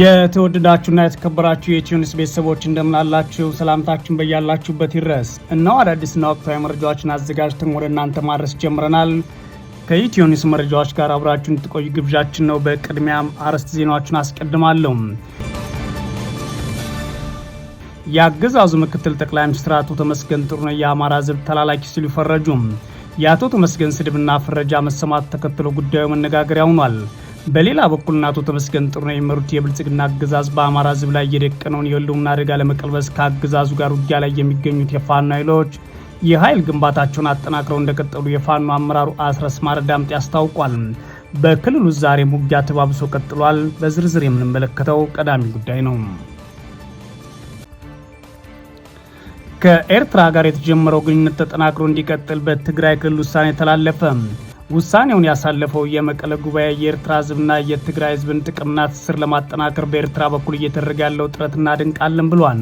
የተወደዳችሁና የተከበራችሁ የኢትዮኒውስ ቤተሰቦች እንደምናላችሁ ሰላምታችን በያላችሁበት ይድረስ። እነሆ አዳዲስና ወቅታዊ መረጃዎችን አዘጋጅተን ወደ እናንተ ማድረስ ጀምረናል። ከኢትዮኒስ መረጃዎች ጋር አብራችሁ እንድትቆዩ ግብዣችን ነው። በቅድሚያም አርዕስተ ዜናዎችን አስቀድማለሁ። የአገዛዙ ምክትል ጠቅላይ ሚኒስትር አቶ ተመስገን ጥሩነህ የአማራ ሕዝብ ተላላኪ ሲሉ ይፈረጁ። የአቶ ተመስገን ስድብና ፍረጃ መሰማት ተከትሎ ጉዳዩ መነጋገሪያ ሆኗል። በሌላ በኩል አቶ ተመስገን ጥሩነህ የሚመሩት የብልጽግና አገዛዝ በአማራ ህዝብ ላይ የደቀነውን የህልውና አደጋ ለመቀልበስ ከአገዛዙ ጋር ውጊያ ላይ የሚገኙት የፋኖ ኃይሎች የኃይል ግንባታቸውን አጠናክረው እንደቀጠሉ የፋኖ አመራሩ አስረስ ማረ ዳምጤ ያስታውቋል። በክልሉ ዛሬም ውጊያ ተባብሶ ቀጥሏል። በዝርዝር የምንመለከተው ቀዳሚ ጉዳይ ነው። ከኤርትራ ጋር የተጀመረው ግንኙነት ተጠናክሮ እንዲቀጥል በትግራይ ክልል ውሳኔ ተላለፈ። ውሳኔውን ያሳለፈው የመቀለ ጉባኤ የኤርትራ ህዝብና የትግራይ ህዝብን ጥቅምና ትስስር ለማጠናከር በኤርትራ በኩል እየተደረገ ያለው ጥረት እናደንቃለን ብሏል።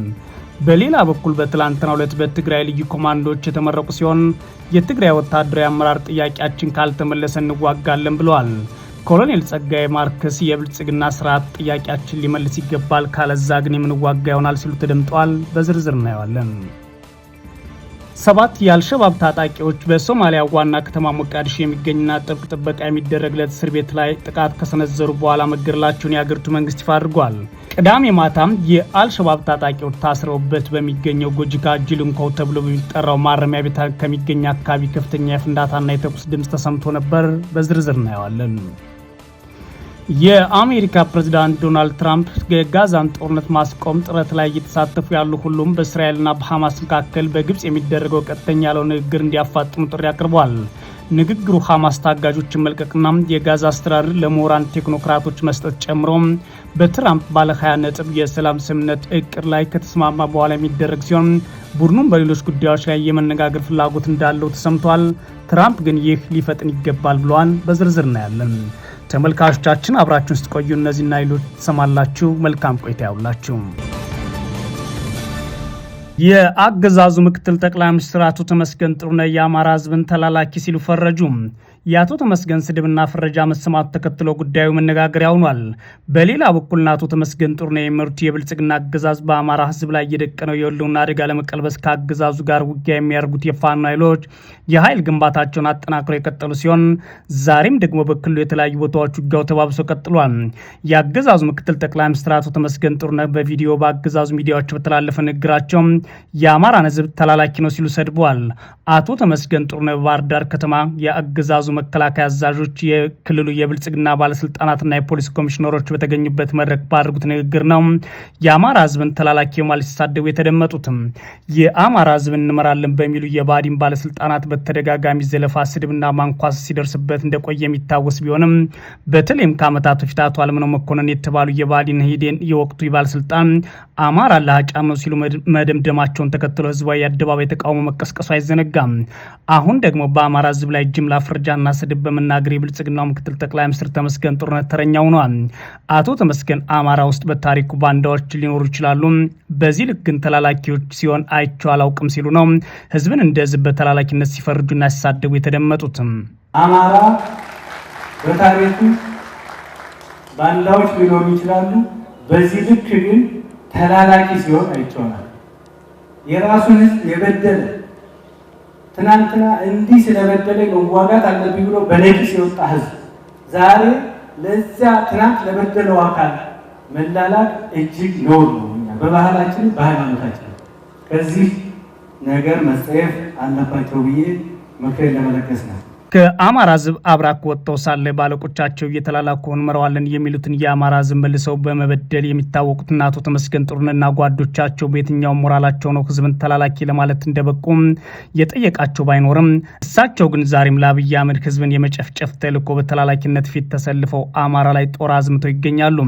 በሌላ በኩል በትላንትናው ዕለት በትግራይ ልዩ ኮማንዶዎች የተመረቁ ሲሆን የትግራይ ወታደራዊ አመራር ጥያቄያችን ካልተመለሰ እንዋጋለን ብለዋል። ኮሎኔል ጸጋዬ ማርከስ የብልጽግና ስርዓት ጥያቄያችን ሊመልስ ይገባል፣ ካለዛ ግን የምንዋጋ ይሆናል ሲሉ ተደምጠዋል። በዝርዝር እናየዋለን። ሰባት የአልሸባብ ታጣቂዎች በሶማሊያ ዋና ከተማ ሞቃዲሾ የሚገኝና ጥብቅ ጥበቃ የሚደረግለት እስር ቤት ላይ ጥቃት ከሰነዘሩ በኋላ መገደላቸውን የአገሪቱ መንግስት ይፋ አድርጓል። ቅዳሜ ማታም የአልሸባብ ታጣቂዎች ታስረውበት በሚገኘው ጎጅጋ ጅልንኮው ተብሎ በሚጠራው ማረሚያ ቤት ከሚገኝ አካባቢ ከፍተኛ የፍንዳታና የተኩስ ድምፅ ተሰምቶ ነበር። በዝርዝር እናየዋለን። የአሜሪካ ፕሬዝዳንት ዶናልድ ትራምፕ የጋዛን ጦርነት ማስቆም ጥረት ላይ እየተሳተፉ ያሉ ሁሉም በእስራኤልና በሐማስ መካከል በግብፅ የሚደረገው ቀጥተኛ ያለው ንግግር እንዲያፋጥኑ ጥሪ አቅርቧል። ንግግሩ ሐማስ ታጋጆችን መልቀቅና የጋዛ አስተዳደር ለምሁራን ቴክኖክራቶች መስጠት ጨምሮ በትራምፕ ባለ 20 ነጥብ የሰላም ስምምነት እቅድ ላይ ከተስማማ በኋላ የሚደረግ ሲሆን ቡድኑም በሌሎች ጉዳዮች ላይ የመነጋገር ፍላጎት እንዳለው ተሰምቷል። ትራምፕ ግን ይህ ሊፈጥን ይገባል ብለዋል። በዝርዝር እናያለን። ተመልካቾቻችን አብራችሁን ስትቆዩ እነዚህና ሌሎች ትሰማላችሁ። መልካም ቆይታ ያውላችሁ። የአገዛዙ ምክትል ጠቅላይ ሚኒስትር አቶ ተመስገን ጥሩነህ የአማራ ህዝብን ተላላኪ ሲሉ ፈረጁ። የአቶ ተመስገን ስድብና ፍረጃ መሰማት ተከትሎ ጉዳዩ መነጋገሪያ ሆኗል። በሌላ በኩል አቶ ተመስገን ጥሩነህ የሚመሩት የብልጽግና አገዛዝ በአማራ ህዝብ ላይ እየደቀነው የህልውና አደጋ ለመቀልበስ ከአገዛዙ ጋር ውጊያ የሚያደርጉት የፋኖ ኃይሎች የኃይል ግንባታቸውን አጠናክረው የቀጠሉ ሲሆን ዛሬም ደግሞ በክልሉ የተለያዩ ቦታዎች ውጊያው ተባብሶ ቀጥሏል። የአገዛዙ ምክትል ጠቅላይ ሚኒስትር አቶ ተመስገን ጦርነ በቪዲዮ በአገዛዙ ሚዲያዎች በተላለፈ ንግግራቸው የአማራን ህዝብ ተላላኪ ነው ሲሉ ሰድበዋል። አቶ ተመስገን ጥሩነህ በባህር ዳር ከተማ የአገዛዙ መከላከያ አዛዦች፣ የክልሉ የብልጽግና ባለስልጣናትና የፖሊስ ኮሚሽነሮች በተገኙበት መድረክ ባድርጉት ንግግር ነው የአማራ ህዝብን ተላላኪ በማለት ሲሳደቡ የተደመጡትም። የአማራ ህዝብን እንመራለን በሚሉ የባዲን ባለስልጣናት በተደጋጋሚ ዘለፋ፣ ስድብና ማንኳስ ሲደርስበት እንደቆየ የሚታወስ ቢሆንም በተለይም ከአመታት በፊት አቶ አለምነው መኮንን የተባሉ የባዲን ሂዴን የወቅቱ ባለስልጣን አማራ ነው ሲሉ መደምደማቸውን ተከትሎ ህዝባዊ አደባባይ ተቃውሞ መቀስቀሱ አይዘነጋም። አሁን ደግሞ በአማራ ህዝብ ላይ ጅምላ ፍርጃና ስድብ በመናገር የብልጽግናው ምክትል ጠቅላይ ሚኒስትር ተመስገን ጥሩነት ተረኛ ሆኗል። አቶ ተመስገን አማራ ውስጥ በታሪኩ ባንዳዎች ሊኖሩ ይችላሉ፣ በዚህ ልክ ግን ተላላኪዎች ሲሆን አይቼው አላውቅም ሲሉ ነው ህዝብን እንደ ህዝብ በተላላኪነት ሲፈርጁና ሲሳደቡ የተደመጡትም። አማራ በታሪኩ ባንዳዎች ሊኖሩ ይችላሉ፣ በዚህ ልክ ግን ተላላኪ ሲሆን አይቼዋለሁ። የራሱን ህዝብ የበደለ ትናንትና እንዲህ ስለበደለ መዋጋት አለብኝ ብሎ በነቂስ የወጣ ህዝብ ዛሬ ለዚያ ትናንት ለበደለው አካል መላላክ እጅግ ነውር ነው። እኛ በባህላችን በሃይማኖታችን ከዚህ ነገር መጸየፍ አለባቸው ብዬ ምክሬን ለመለገስ ነው። ከአማራ ህዝብ አብራክ ወጥተው ሳለ ባለቆቻቸው እየተላላኩ እንመራዋለን የሚሉትን የአማራ ህዝብ መልሰው በመበደል የሚታወቁትና አቶ ተመስገን ጥሩንና ጓዶቻቸው በየትኛውም ሞራላቸው ነው ህዝብን ተላላኪ ለማለት እንደበቁም የጠየቃቸው ባይኖርም እሳቸው ግን ዛሬም ለአብይ አህመድ ህዝብን የመጨፍጨፍ ተልዕኮ በተላላኪነት ፊት ተሰልፈው አማራ ላይ ጦር አዝምተው ይገኛሉ።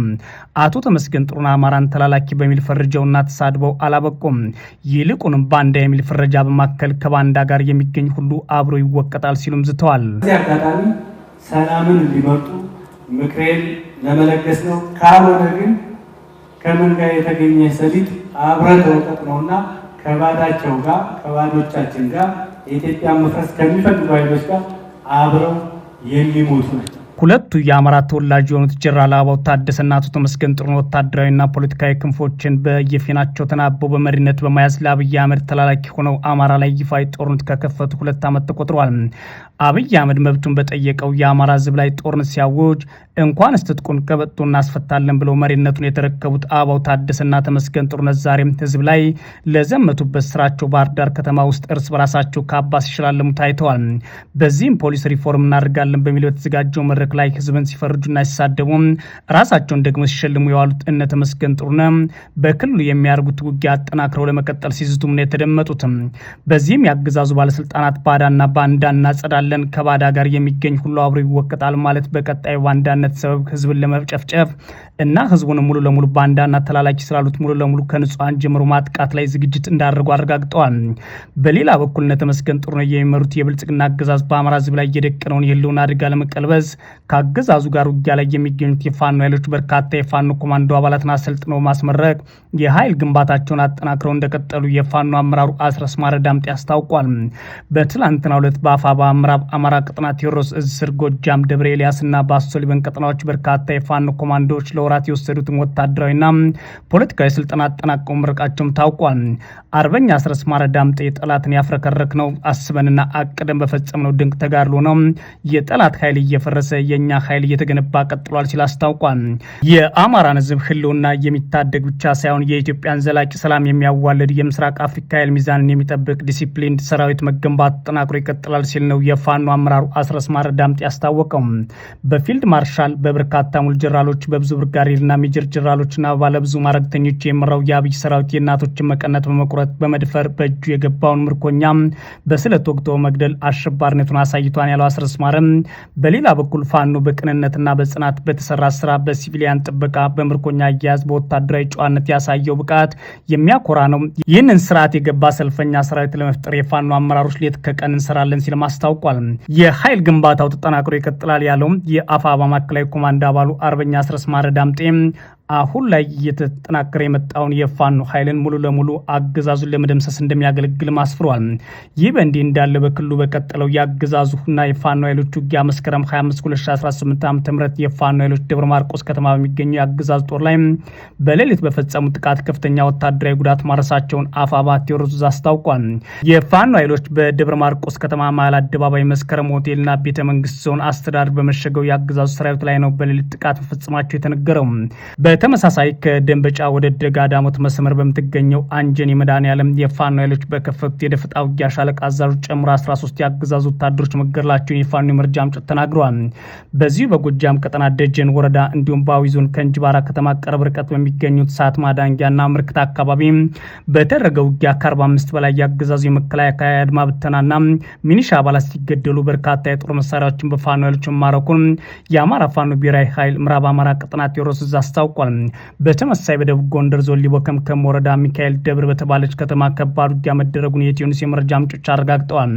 አቶ ተመስገን ጥሩን አማራን ተላላኪ በሚል ፈርጀውና ተሳድበው አላበቁም። ይልቁንም ባንዳ የሚል ፍረጃ በማከል ከባንዳ ጋር የሚገኝ ሁሉ አብሮ ይወቀጣል ሲሉም ዝተዋል። ተገኝተዋል። እዚህ አጋጣሚ ሰላምን እንዲመርጡ ምክሬን ለመለገስ ነው። ካልሆነ ግን ከምን ጋር የተገኘ ሰሊጥ አብረ ተውጠጥ ነውና ከባዳቸው ጋር ከባዶቻችን ጋር የኢትዮጵያ መፍረስ ከሚፈልጉ ኃይሎች ጋር አብረው የሚሞቱ ናቸው። ሁለቱ የአማራ ተወላጅ የሆኑት ጀነራል አበባው ታደሰና አቶ ተመስገን ጥሩነህ ወታደራዊና ፖለቲካዊ ክንፎችን በየፊናቸው ተናበው በመሪነት በመያዝ ለአብይ አህመድ ተላላኪ ሆነው አማራ ላይ ይፋዊ ጦርነት ከከፈቱ ሁለት ዓመት ተቆጥሯል። አብይ አህመድ መብቱን በጠየቀው የአማራ ህዝብ ላይ ጦርነት ሲያውጅ እንኳንስ ትጥቁን ቀበቶ እናስፈታለን ብለው መሪነቱን የተረከቡት አበባው ታደሰና ተመስገን ጥሩነህ ዛሬም ህዝብ ላይ ለዘመቱበት ስራቸው ባህር ዳር ከተማ ውስጥ እርስ በራሳቸው ካባ ሲሸላለሙ ታይተዋል። በዚህም ፖሊስ ሪፎርም እናደርጋለን በሚል በተዘጋጀው መድረክ ላይ ህዝብን ሲፈርጁና ሲሳደቡ ራሳቸውን ደግሞ ሲሸልሙ የዋሉት እነ ተመስገን ጥሩነህ በክልሉ የሚያደርጉት ውጊያ አጠናክረው ለመቀጠል ሲዝቱም ነው የተደመጡትም። በዚህም ያገዛዙ ባለስልጣናት ባዳና ባንዳ እናጸዳለን እንወቅጣለን፣ ከባዳ ጋር የሚገኝ ሁሉ አብሮ ይወቅጣል ማለት በቀጣይ ባንዳነት ሰበብ ህዝብን ለመጨፍጨፍ እና ህዝቡን ሙሉ ለሙሉ ባንዳና ተላላኪ ስላሉት ሙሉ ለሙሉ ከንጹሐን ጀምሮ ማጥቃት ላይ ዝግጅት እንዳደርጉ አረጋግጠዋል። በሌላ በኩል እነ ተመስገን ጥሩነህ የሚመሩት የብልጽግና አገዛዝ በአማራ ህዝብ ላይ የደቀነውን የህልውና አደጋ ለመቀልበስ ከአገዛዙ ጋር ውጊያ ላይ የሚገኙት የፋኖ ኃይሎች በርካታ የፋኖ ኮማንዶ አባላትን አሰልጥኖ ማስመረቅ የኃይል ግንባታቸውን አጠናክረው እንደቀጠሉ የፋኖ አመራሩ አስረስማረ ዳምጤ አስታውቋል። በትላንትና ሁለት በአፋባ ምዕራብ ምዕራብ አማራ ቅጥና ቴዎድሮስ እዝ ስር ጎጃም ደብረ ኤልያስና በአሶ ሊበን ቀጥናዎች በርካታ የፋኖ ኮማንዶዎች ለወራት የወሰዱትን ወታደራዊና ፖለቲካዊ ስልጠና አጠናቀው መምረቃቸውም ታውቋል። አርበኛ አስረስ ማረ ዳምጤ የጠላትን ያፍረከረክ ነው አስበንና አቅደን በፈጸምነው ድንቅ ተጋድሎ ነው የጠላት ኃይል እየፈረሰ የእኛ ኃይል እየተገነባ ቀጥሏል ሲል አስታውቋል። የአማራን ህዝብ ህልውና የሚታደግ ብቻ ሳይሆን የኢትዮጵያን ዘላቂ ሰላም የሚያዋልድ የምስራቅ አፍሪካ ኃይል ሚዛንን የሚጠብቅ ዲሲፕሊን ሰራዊት መገንባት ተጠናክሮ ይቀጥላል ሲል ነው የፋ ፋኖ አመራሩ አስረስ ማረ ዳምጤ ያስታወቀው በፊልድ ማርሻል በበርካታ ሙል ጀራሎች በብዙ ብርጋዴርና ሜጀር ጀራሎችና ባለብዙ ማረግተኞች የምራው የአብይ ሰራዊት የእናቶችን መቀነት በመቁረጥ በመድፈር በእጁ የገባውን ምርኮኛ በስለት ወግቶ መግደል አሸባሪነቱን አሳይቷን ያለው አስረስ በሌላ በኩል ፋኖ በቅንነትና በጽናት በተሰራ ስራ በሲቪሊያን ጥበቃ በምርኮኛ አያያዝ በወታደራዊ ጨዋነት ያሳየው ብቃት የሚያኮራ ነው። ይህንን ስርዓት የገባ ሰልፈኛ ሰራዊት ለመፍጠር የፋኖ አመራሮች ሌት ከቀን እንሰራለን ሲልም አስታውቋል። ገልጿል። የኃይል ግንባታው ተጠናክሮ ይቀጥላል ያለው የአፋባ ማዕከላዊ ኮማንድ አባሉ አርበኛ አስረስ ማረ ዳምጤ አሁን ላይ እየተጠናከረ የመጣውን የፋኖ ኃይልን ሙሉ ለሙሉ አገዛዙን ለመደምሰስ እንደሚያገለግል ማስፍሯል። ይህ በእንዲህ እንዳለ በክልሉ በቀጠለው የአገዛዙና የፋኖ ኃይሎች ውጊያ መስከረም 25 2018 ዓ ም የፋኖ ኃይሎች ደብረ ማርቆስ ከተማ በሚገኘው የአገዛዝ ጦር ላይ በሌሊት በፈጸሙ ጥቃት ከፍተኛ ወታደራዊ ጉዳት ማድረሳቸውን አፋባ ቴዎድሮስ አስታውቋል። የፋኖ ኃይሎች በደብረ ማርቆስ ከተማ መል አደባባይ፣ መስከረም ሆቴልና ቤተ መንግስት ዞን አስተዳደር በመሸገው የአገዛዙ ሰራዊት ላይ ነው በሌሊት ጥቃት መፈጸማቸው የተነገረው። በተመሳሳይ ከደንበጫ ወደ ደጋ ዳሞት መስመር በምትገኘው አንጀን የመድኃኔዓለም የፋኖ ኃይሎች በከፈቱት የደፈጣ ውጊያ ሻለቃ አዛዦች ጨምሮ 13 የአገዛዙ ወታደሮች መገደላቸውን የፋኖ የመረጃ ምንጮች ተናግረዋል። በዚሁ በጎጃም ቀጠና ደጀን ወረዳ እንዲሁም በአዊ ዞን ከእንጅባራ ከተማ ቅርብ ርቀት በሚገኙት ሰዓት ማዳንጊያና ምርክት አካባቢ በተደረገ ውጊያ ከ45 በላይ የአገዛዙ የመከላከያ አድማ ብተናና ሚኒሻ አባላት ሲገደሉ በርካታ የጦር መሳሪያዎችን በፋኖ ኃይሎች ማረኩን የአማራ ፋኖ ብሔራዊ ኃይል ምዕራብ አማራ ቀጠና ቴዎድሮስ እዝ አስታውቋል። ተደርጓል። በተመሳሳይ በደቡብ ጎንደር ዞን ሊቦ ከምከም ወረዳ ሚካኤል ደብር በተባለች ከተማ ከባድ ውጊያ መደረጉን የኢትዮኒውስ የመረጃ ምንጮች አረጋግጠዋል።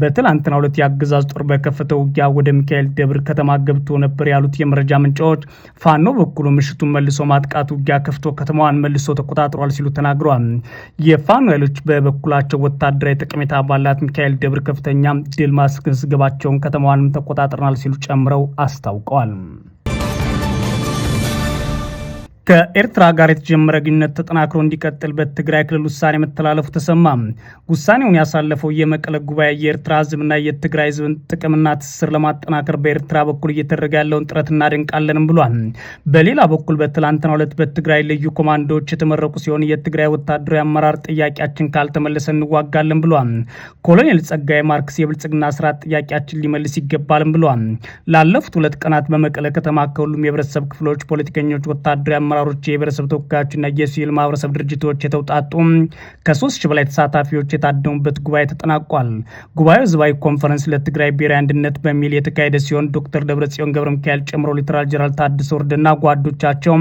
በትላንትና ሁለት የአገዛዝ ጦር በከፈተው ውጊያ ወደ ሚካኤል ደብር ከተማ ገብቶ ነበር ያሉት የመረጃ ምንጮች፣ ፋኖ በኩሉ ምሽቱን መልሶ ማጥቃት ውጊያ ከፍቶ ከተማዋን መልሶ ተቆጣጥሯል ሲሉ ተናግረዋል። የፋኖ ኃይሎች በበኩላቸው ወታደራዊ ጠቀሜታ ባላት ሚካኤል ደብር ከፍተኛ ድል ማስመዝገባቸውን ከተማዋንም ተቆጣጥረናል ሲሉ ጨምረው አስታውቀዋል። ከኤርትራ ጋር የተጀመረ ግንኙነት ተጠናክሮ እንዲቀጥል በትግራይ ክልል ውሳኔ መተላለፉ ተሰማ። ውሳኔውን ያሳለፈው የመቀለ ጉባኤ የኤርትራ ህዝብና የትግራይ ህዝብን ጥቅምና ትስስር ለማጠናከር በኤርትራ በኩል እየተደረገ ያለውን ጥረት እናደንቃለንም ብሏል። በሌላ በኩል በትላንትናው ዕለት በትግራይ ልዩ ኮማንዶዎች የተመረቁ ሲሆን የትግራይ ወታደራዊ አመራር ጥያቄያችን ካልተመለሰ እንዋጋለን ብሏል። ኮሎኔል ጸጋይ ማርክስ የብልጽግና ስርዓት ጥያቄያችን ሊመልስ ይገባልም ብሏል። ላለፉት ሁለት ቀናት በመቀለ ከተማ ከሁሉም የህብረተሰብ ክፍሎች ፖለቲከኞች፣ ወታደራዊ አመራሮች፣ የብሔረሰብ ተወካዮችና የሲቪል ማህበረሰብ ድርጅቶች የተውጣጡ ከሶስት ሺህ በላይ ተሳታፊዎች የታደሙበት ጉባኤ ተጠናቋል። ጉባኤው ህዝባዊ ኮንፈረንስ ለትግራይ ብሔራዊ አንድነት በሚል የተካሄደ ሲሆን ዶክተር ደብረጽዮን ገብረ ሚካኤል ጨምሮ ሌተናል ጀነራል ታደሰ ወረደና ጓዶቻቸው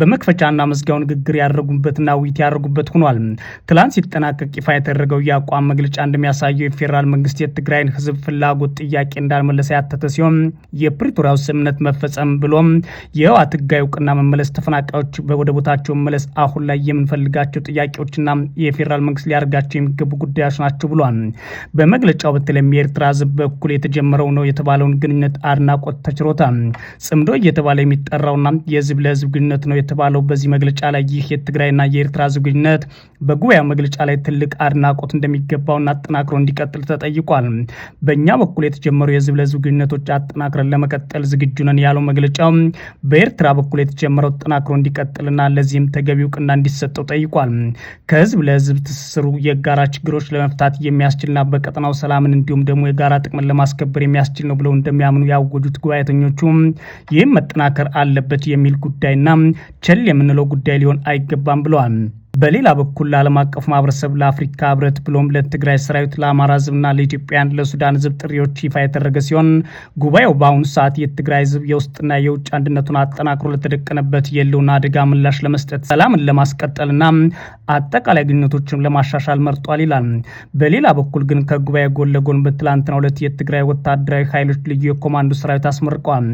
በመክፈቻና መዝጊያው ንግግር ያደረጉበትና ውይይት ያደረጉበት ሆኗል። ትላንት ሲጠናቀቅ ይፋ የተደረገው የአቋም መግለጫ እንደሚያሳየው የፌዴራል መንግስት የትግራይን ህዝብ ፍላጎት ጥያቄ እንዳልመለሰ ያተተ ሲሆን የፕሪቶሪያው ስምምነት መፈጸም ብሎም የህወሓት ህጋዊ እውቅና መመለስ ተፈናቀ ተፈናቃዮች ወደ ቦታቸው መመለስ አሁን ላይ የምንፈልጋቸው ጥያቄዎችና የፌዴራል መንግስት ሊያደርጋቸው የሚገቡ ጉዳዮች ናቸው ብሏል። በመግለጫው በተለይም የኤርትራ ህዝብ በኩል የተጀመረው ነው የተባለውን ግንኙነት አድናቆት ተችሮታል። ጽምዶ እየተባለ የሚጠራውና የህዝብ ለህዝብ ግንኙነት ነው የተባለው በዚህ መግለጫ ላይ ይህ የትግራይና የኤርትራ ህዝብ ግንኙነት በጉባኤው መግለጫ ላይ ትልቅ አድናቆት እንደሚገባውና አጠናክሮ እንዲቀጥል ተጠይቋል። በእኛ በኩል የተጀመሩ የህዝብ ለህዝብ ግንኙነቶች አጠናክረን ለመቀጠል ዝግጁ ነን ያለው መግለጫው በኤርትራ በኩል የተጀመረው ተጠናክሮ እንዲቀጥልና ለዚህም ተገቢ እውቅና እንዲሰጠው ጠይቋል። ከህዝብ ለህዝብ ትስስሩ የጋራ ችግሮች ለመፍታት የሚያስችልና በቀጠናው ሰላምን እንዲሁም ደግሞ የጋራ ጥቅምን ለማስከበር የሚያስችል ነው ብለው እንደሚያምኑ ያወጁት ጉባኤተኞቹ ይህም መጠናከር አለበት የሚል ጉዳይና ቸል የምንለው ጉዳይ ሊሆን አይገባም ብለዋል። በሌላ በኩል ለዓለም አቀፍ ማህበረሰብ ለአፍሪካ ህብረት ብሎም ለትግራይ ሰራዊት ለአማራ ህዝብና ለኢትዮጵያን ለሱዳን ህዝብ ጥሪዎች ይፋ የተደረገ ሲሆን ጉባኤው በአሁኑ ሰዓት የትግራይ ህዝብ የውስጥና የውጭ አንድነቱን አጠናክሮ ለተደቀነበት የህልውና አደጋ ምላሽ ለመስጠት ሰላምን ለማስቀጠልና አጠቃላይ ግንኙነቶችን ለማሻሻል መርጧል ይላል። በሌላ በኩል ግን ከጉባኤ ጎን ለጎን በትላንትናው ዕለት የትግራይ ወታደራዊ ኃይሎች ልዩ የኮማንዶ ሰራዊት አስመርቀዋል።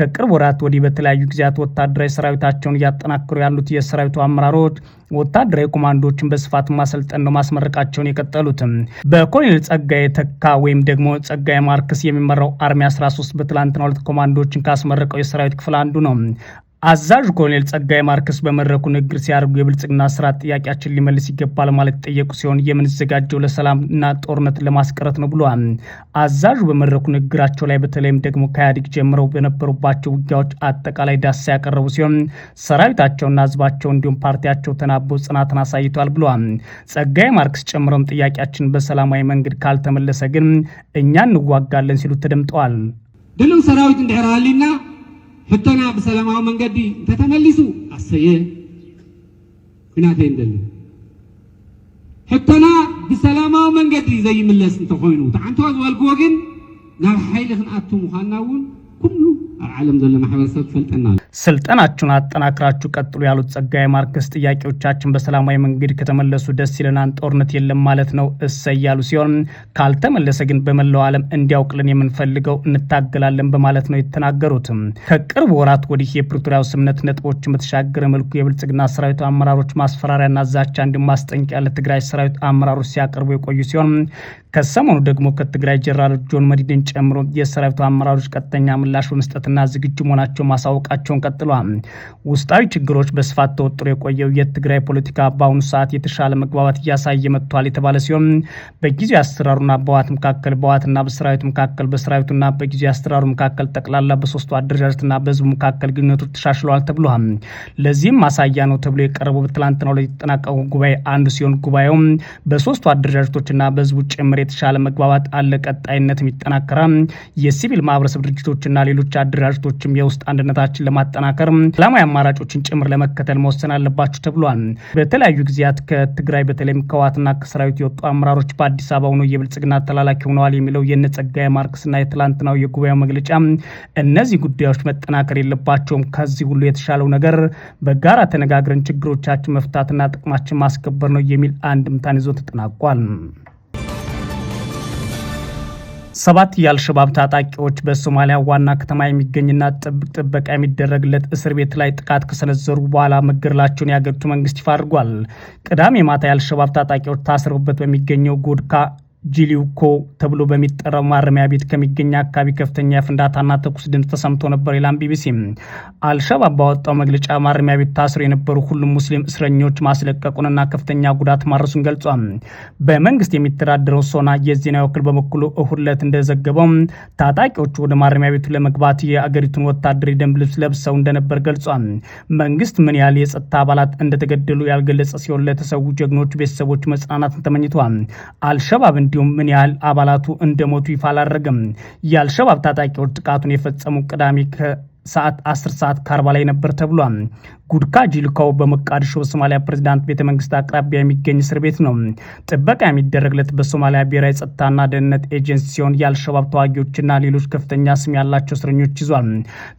ከቅርብ ወራት ወዲህ በተለያዩ ጊዜያት ወታደራዊ ሰራዊታቸውን እያጠናከሩ ያሉት የሰራዊቱ አመራሮች ወታ ወታደራዊ ኮማንዶችን በስፋት ማሰልጠን ነው ማስመረቃቸውን የቀጠሉትም። በኮሎኔል ጸጋይ ተካ ወይም ደግሞ ጸጋይ ማርክስ የሚመራው አርሚ 13 በትላንትና ሁለት ኮማንዶችን ካስመረቀው የሰራዊት ክፍል አንዱ ነው። አዛዥ ኮሎኔል ጸጋይ ማርክስ በመድረኩ ንግግር ሲያደርጉ የብልጽግና ስርዓት ጥያቄያችን ሊመልስ ይገባል ማለት ጠየቁ ሲሆን የምንዘጋጀው ለሰላም እና ጦርነት ለማስቀረት ነው ብለዋል። አዛዡ በመድረኩ ንግግራቸው ላይ በተለይም ደግሞ ከኢህአዴግ ጀምረው በነበሩባቸው ውጊያዎች አጠቃላይ ዳሳ ያቀረቡ ሲሆን ሰራዊታቸውና ህዝባቸው እንዲሁም ፓርቲያቸው ተናበው ጽናትን አሳይቷል ብለዋል። ጸጋይ ማርክስ ጨምረውም ጥያቄያችን በሰላማዊ መንገድ ካልተመለሰ ግን እኛ እንዋጋለን ሲሉ ተደምጠዋል። ድልም ሰራዊት እንድሕር ፈተና ብሰላማዊ መንገዲ እንተተመሊሱ አሰየ ኩናተ ይንደሊ ሕቶና ብሰላማዊ መንገዲ ዘይምለስ እንተኾይኑ ተዓንትዋ ዝበልክዎ ግን ናብ ሓይሊ ክንኣቱ ምዃንና እውን ኩሉ ዓለም ዘሎ ፈልጠና ስልጠናችሁን አጠናክራችሁ ቀጥሉ ያሉት ጸጋዬ ማርከስ ጥያቄዎቻችን በሰላማዊ መንገድ ከተመለሱ ደስ ይለናን፣ ጦርነት የለም ማለት ነው እሰ እያሉ ሲሆን ካልተመለሰ ግን በመላው ዓለም እንዲያውቅልን የምንፈልገው እንታገላለን በማለት ነው የተናገሩትም። ከቅርብ ወራት ወዲህ የፕሪቶሪያው ስምምነት ነጥቦችን በተሻገረ መልኩ የብልጽግና ሰራዊት አመራሮች ማስፈራሪያና ዛቻ እንዲሁም ማስጠንቂያ ለትግራይ ሰራዊት አመራሮች ሲያቀርቡ የቆዩ ሲሆን ከሰሞኑ ደግሞ ከትግራይ ጀነራል ጆን መዲድን ጨምሮ የሰራዊቱ አመራሮች ቀጥተኛ ምላሽ በመስጠት ለመሳተፍና ዝግጁ መሆናቸው ማሳወቃቸውን ቀጥሏል። ውስጣዊ ችግሮች በስፋት ተወጥሮ የቆየው የትግራይ ፖለቲካ በአሁኑ ሰዓት የተሻለ መግባባት እያሳየ መጥቷል የተባለ ሲሆን በጊዜ አሰራሩና በዋት መካከል በዋትና በሰራዊቱ መካከል በሰራዊቱና በጊዜ አሰራሩ መካከል ጠቅላላ በሶስቱ አደረጃጀትና በህዝቡ መካከል ግንኙነቶች ተሻሽለዋል ተብሏል። ለዚህም ማሳያ ነው ተብሎ የቀረበው በትላንትናው ላይ የተጠናቀቁ ጉባኤ አንዱ ሲሆን ጉባኤውም በሶስቱ አደረጃጀቶችና በህዝቡ ጭምር የተሻለ መግባባት አለ፣ ቀጣይነትም ይጠናከራል። የሲቪል ማህበረሰብ ድርጅቶችና ሌሎች አደረ ድርጅቶችም የውስጥ አንድነታችን ለማጠናከር ሰላማዊ አማራጮችን ጭምር ለመከተል መወሰን አለባቸው ተብሏል። በተለያዩ ጊዜያት ከትግራይ በተለይም ከህወሓትና ከሰራዊት የወጡ አመራሮች በአዲስ አበባ ሆኖ የብልጽግና ተላላኪ ሆነዋል የሚለው የነ ጸጋዬ ማርክስና የትላንትናው የጉባኤው መግለጫ እነዚህ ጉዳዮች መጠናከር የለባቸውም። ከዚህ ሁሉ የተሻለው ነገር በጋራ ተነጋግረን ችግሮቻችን መፍታትና ጥቅማችን ማስከበር ነው የሚል አንድምታን ይዞ ተጠናቋል። ሰባት የአልሸባብ ታጣቂዎች በሶማሊያ ዋና ከተማ የሚገኝና ጥብቅ ጥበቃ የሚደረግለት እስር ቤት ላይ ጥቃት ከሰነዘሩ በኋላ መገደላቸውን የአገሪቱ መንግስት ይፋ አድርጓል። ቅዳሜ ማታ የአልሸባብ ታጣቂዎች ታስረውበት በሚገኘው ጎድካ ጂሊውኮ ተብሎ በሚጠራው ማረሚያ ቤት ከሚገኝ አካባቢ ከፍተኛ የፍንዳታና ተኩስ ድምፅ ተሰምቶ ነበር ይላል ቢቢሲ። አልሸባብ ባወጣው መግለጫ ማረሚያ ቤት ታስረው የነበሩ ሁሉም ሙስሊም እስረኞች ማስለቀቁንና ከፍተኛ ጉዳት ማድረሱን ገልጿል። በመንግስት የሚተዳደረው ሶና የዜና ወኪል በበኩሉ እሁድ ዕለት እንደዘገበው ታጣቂዎቹ ወደ ማረሚያ ቤቱ ለመግባት የአገሪቱን ወታደራዊ ደንብ ልብስ ለብሰው እንደነበር ገልጿል። መንግስት ምን ያህል የጸጥታ አባላት እንደተገደሉ ያልገለጸ ሲሆን ለተሰዉ ጀግኖች ቤተሰቦች መጽናናትን ተመኝተዋል። አልሸባብ እንዲሁም ምን ያህል አባላቱ እንደሞቱ ይፋ አላደረገም። የአልሸባብ ታጣቂዎች ጥቃቱን የፈጸሙ ቅዳሜ ከሰዓት 10 ሰዓት ከአርባ ላይ ነበር ተብሏል። ጉድካ ልካው በሞቃዲሾ በሶማሊያ ፕሬዚዳንት ቤተ መንግስት አቅራቢያ የሚገኝ እስር ቤት ነው። ጥበቃ የሚደረግለት በሶማሊያ ብሔራዊ ጸጥታና ደህንነት ኤጀንሲ ሲሆን የአልሸባብ ተዋጊዎችና ሌሎች ከፍተኛ ስም ያላቸው እስረኞች ይዟል።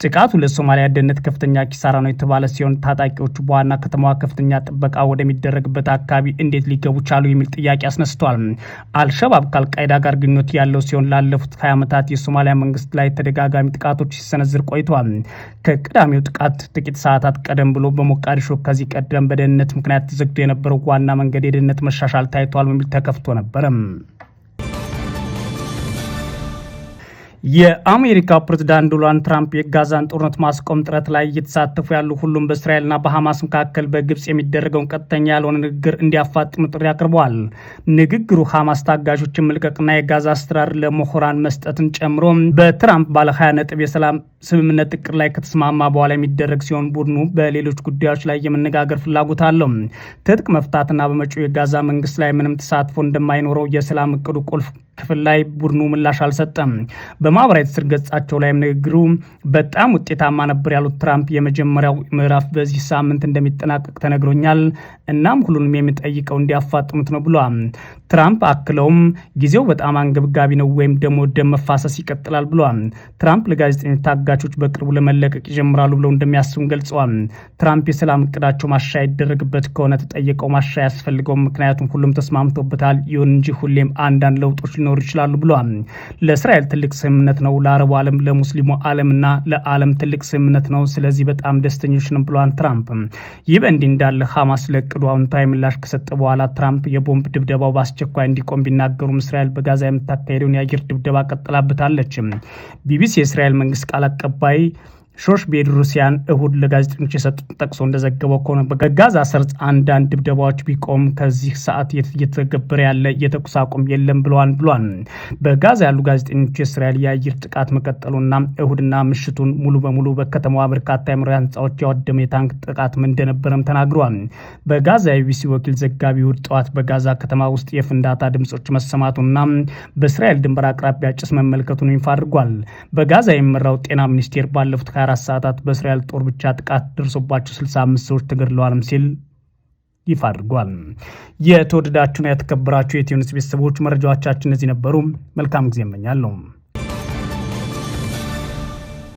ጥቃቱ ለሶማሊያ ደህንነት ከፍተኛ ኪሳራ ነው የተባለ ሲሆን ታጣቂዎቹ በዋና ከተማዋ ከፍተኛ ጥበቃ ወደሚደረግበት አካባቢ እንዴት ሊገቡ ቻሉ የሚል ጥያቄ አስነስተዋል። አልሸባብ ከአልቃይዳ ጋር ግንኙነት ያለው ሲሆን ላለፉት 20 ዓመታት የሶማሊያ መንግስት ላይ ተደጋጋሚ ጥቃቶች ሲሰነዝር ቆይተዋል። ከቅዳሜው ጥቃት ጥቂት ሰዓታት ቀደም ብሎ ብሎ በሞቃዲሾ ከዚህ ቀደም በደህንነት ምክንያት ተዘግቶ የነበረው ዋና መንገድ የደህንነት መሻሻል ታይቷል በሚል ተከፍቶ ነበረም። የአሜሪካ ፕሬዝዳንት ዶናልድ ትራምፕ የጋዛን ጦርነት ማስቆም ጥረት ላይ እየተሳተፉ ያሉ ሁሉም በእስራኤልና በሐማስ መካከል በግብፅ የሚደረገውን ቀጥተኛ ያልሆነ ንግግር እንዲያፋጥኑ ጥሪ አቅርበዋል። ንግግሩ ሐማስ ታጋሾችን መልቀቅና የጋዛ አስተዳደር ለምሁራን መስጠትን ጨምሮ በትራምፕ ባለ 20 ነጥብ የሰላም ስምምነት እቅድ ላይ ከተስማማ በኋላ የሚደረግ ሲሆን ቡድኑ በሌሎች ጉዳዮች ላይ የመነጋገር ፍላጎት አለው። ትጥቅ መፍታትና በመጪው የጋዛ መንግስት ላይ ምንም ተሳትፎ እንደማይኖረው የሰላም እቅዱ ቁልፍ ክፍል ላይ ቡድኑ ምላሽ አልሰጠም። በማህበራዊ ትስስር ገጻቸው ላይም ንግግሩ በጣም ውጤታማ ነበር ያሉት ትራምፕ የመጀመሪያው ምዕራፍ በዚህ ሳምንት እንደሚጠናቀቅ ተነግሮኛል፣ እናም ሁሉንም የሚጠይቀው እንዲያፋጥሙት ነው ብሏል። ትራምፕ አክለውም ጊዜው በጣም አንገብጋቢ ነው ወይም ደግሞ ደም መፋሰስ ይቀጥላል ብሏል። ትራምፕ ለጋዜጠኞች ታጋቾች በቅርቡ ለመለቀቅ ይጀምራሉ ብለው እንደሚያስቡም ገልጸዋል። ትራምፕ የሰላም እቅዳቸው ማሻ ይደረግበት ከሆነ ተጠየቀው ማሻ ያስፈልገውም፣ ምክንያቱም ሁሉም ተስማምቶበታል። ይሁን እንጂ ሁሌም አንዳንድ ለውጦች ሊኖሩ ይችላሉ ብሏል። ለእስራኤል ትልቅ ስም ስምምነት ነው። ለአረቡ ዓለም፣ ለሙስሊሙ ዓለምና ለዓለም ትልቅ ስምምነት ነው። ስለዚህ በጣም ደስተኞች ነው ብለዋል ትራምፕ። ይህ በእንዲህ እንዳለ ሐማስ ለእቅዱ አዎንታዊ ምላሽ ከሰጠ በኋላ ትራምፕ የቦምብ ድብደባው በአስቸኳይ እንዲቆም ቢናገሩም እስራኤል በጋዛ የምታካሄደውን የአየር ድብደባ ቀጥላበታለች። ቢቢሲ የእስራኤል መንግስት ቃል አቀባይ ሾሽ ቤድ ሩሲያን እሁድ ለጋዜጠኞች የሰጡትን ጠቅሶ እንደዘገበው ከሆነ በጋዛ ሰርጽ አንዳንድ ድብደባዎች ቢቆም ከዚህ ሰዓት እየተገበረ ያለ የተኩስ አቁም የለም ብለዋል ብሏል። በጋዛ ያሉ ጋዜጠኞች የእስራኤል የአየር ጥቃት መቀጠሉና እሁድና ምሽቱን ሙሉ በሙሉ በከተማዋ በርካታ የመኖሪያ ህንፃዎች ያወደመ የታንክ ጥቃት እንደነበረም ተናግሯል። በጋዛ የቢቢሲ ወኪል ዘጋቢ እሁድ ጠዋት በጋዛ ከተማ ውስጥ የፍንዳታ ድምፆች መሰማቱና በእስራኤል ድንበር አቅራቢያ ጭስ መመልከቱን ይፋ አድርጓል። በጋዛ የሚመራው ጤና ሚኒስቴር ባለፉት 24 ሰዓታት በእስራኤል ጦር ብቻ ጥቃት ደርሶባቸው 65 ሰዎች ተገድለዋልም ሲል ይፋ አድርጓል። የተወደዳችሁና የተከበራችሁ የኢትዮ ኒውስ ቤተሰቦች መረጃዎቻችን እነዚህ ነበሩ። መልካም ጊዜ እመኛለሁ።